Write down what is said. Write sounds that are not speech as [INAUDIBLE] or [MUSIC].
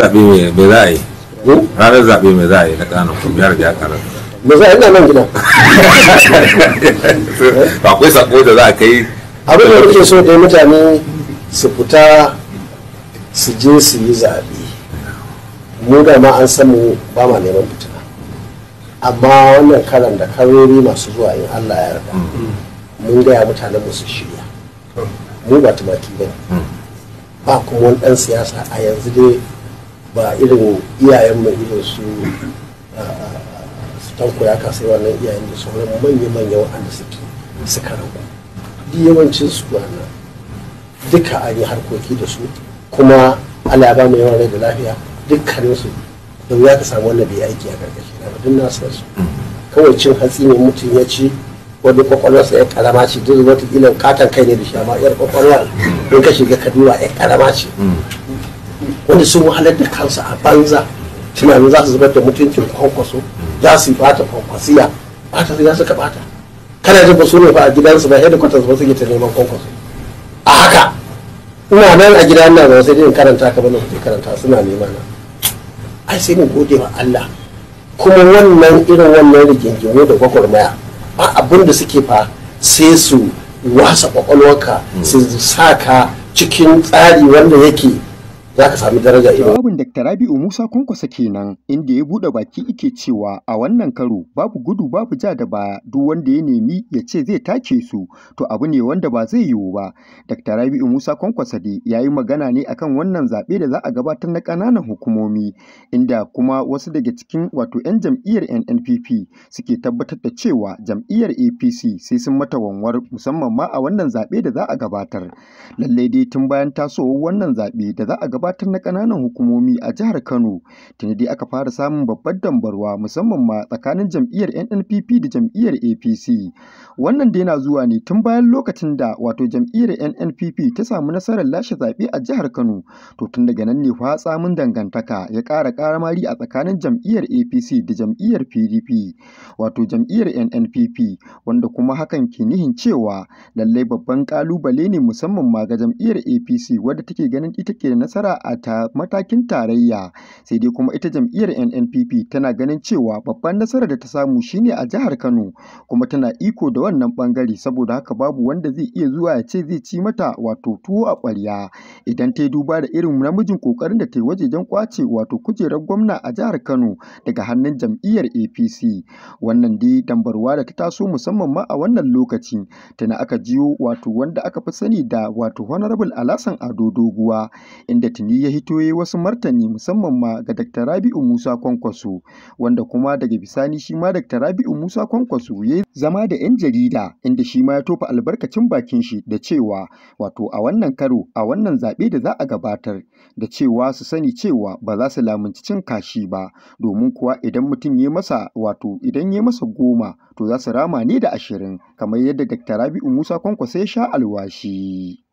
zaɓe mai za a yi hmm? ranar zaɓe mai za a yi na ƙananan ku biyar riga ya ba za a ina nan gida ba [LAUGHS] akwai sako da za a kai abin da kuke so da mutane su fita su je su yi zaɓe mu da ma an samu ba ma neman fitina amma wannan karan da karori masu zuwa yin allah ya yarda hmm. mun gaya mutanen mu su shirya hmm. mu ba tumaki ba ba kuma wani ɗan siyasa a yanzu dai ba irin iyayen mai irin su tanko ya kasai wannan iyayen da sauran manya-manya wa'anda suke suka ragu duk yawancin su wannan duka an yi harkoki da su kuma ala ya ba yawan rai da lafiya dukkanin su da ya ka samu wanda bai aiki a karkashi na duk na san su kawai cin hatsi ne mutum ya ci wani kwakwalwarsa ya karama ce duk wata ilan katon kai ne da shi amma yar kwakwalwa in ka shiga kaduwa ya karama ce wanda sun wahalar da kansu a banza tunanin za su zubar da mutuncin kwankwaso za su yi bata kwankwasiya bata su ya suka bata kana jin ba su ne a gidansu ba yadda kwatansu ba suke ta neman kwankwaso a haka ina nan a gidan nan ba sai dai karanta ka bane kuke karanta suna nema na ai sai mu gode wa Allah kuma wannan irin wannan rigingimu da gwagwarmaya ba abin da suke fa sai su wasa kwakwalwarka su sa ka cikin tsari wanda yake za ka sami daraja irin. Jawabin Dr. Rabi'u Musa Kwankwasa kenan inda ya buɗe baki ike cewa a wannan karo babu gudu babu ja da baya duk wanda ya nemi ya ce zai take su to abu ne wanda ba zai yiwu ba. Dr. Rabi'u Musa Kwankwasa dai ya yi magana ne akan wannan zaɓe da za a gabatar na ƙananan hukumomi inda kuma wasu daga cikin wato 'yan jam'iyyar NNPP suke tabbatar da cewa jam'iyyar APC sai sun mata wanwar musamman ma a wannan zaɓe da za a gabatar. Lallai dai tun bayan tasowar wannan zaɓe da za a gabatar gabatar na ƙananan hukumomi a jihar Kano tuni dai aka fara samun babbar dambarwa musamman ma tsakanin jam'iyyar NNPP da jam'iyyar APC wannan dai na zuwa ne tun bayan lokacin da wato jam'iyyar NNPP ta samu nasarar lashe zaɓe a jihar Kano to tun daga nan ne fa tsamin dangantaka ya ƙara ƙaramari a tsakanin jam'iyyar APC da jam'iyyar PDP wato jam'iyyar NNPP wanda kuma hakan ke nihin cewa lallai babban ƙalubale ne musamman ma ga jam'iyyar APC wadda take ganin ita ke da nasara nasara a ta matakin tarayya sai dai kuma ita jam'iyyar nnpp tana ganin cewa babban nasarar da ta samu shine a jihar kano kuma tana iko da wannan bangare saboda haka babu wanda zai iya zuwa ya ce zai ci mata wato tuwo a ƙwarya idan ta yi duba da irin namijin kokarin da ta yi wajejen kwace wato kujerar gwamna a jihar kano daga hannun jam'iyyar apc wannan dai dambarwa da ta taso musamman ma a wannan lokaci tana aka jiyo wato wanda aka fi sani da wato honorable alasan ado doguwa inda ta Litini ya hito ya wasu martani musamman ma ga Dr. Rabi'u Musa Kwankwaso wanda kuma daga bisani shi ma Dr. Rabi'u Musa Kwankwaso ya zama da 'yan jarida inda shi ma ya tofa albarkacin bakin shi da cewa wato a wannan karo a wannan zaɓe da za a gabatar da cewa su sani cewa ba za su lamunci cin kashi ba domin kuwa idan mutum ya masa wato idan ya masa goma to za su rama ne da ashirin kamar yadda Dr. Rabi'u Musa Kwankwaso ya sha alwashi.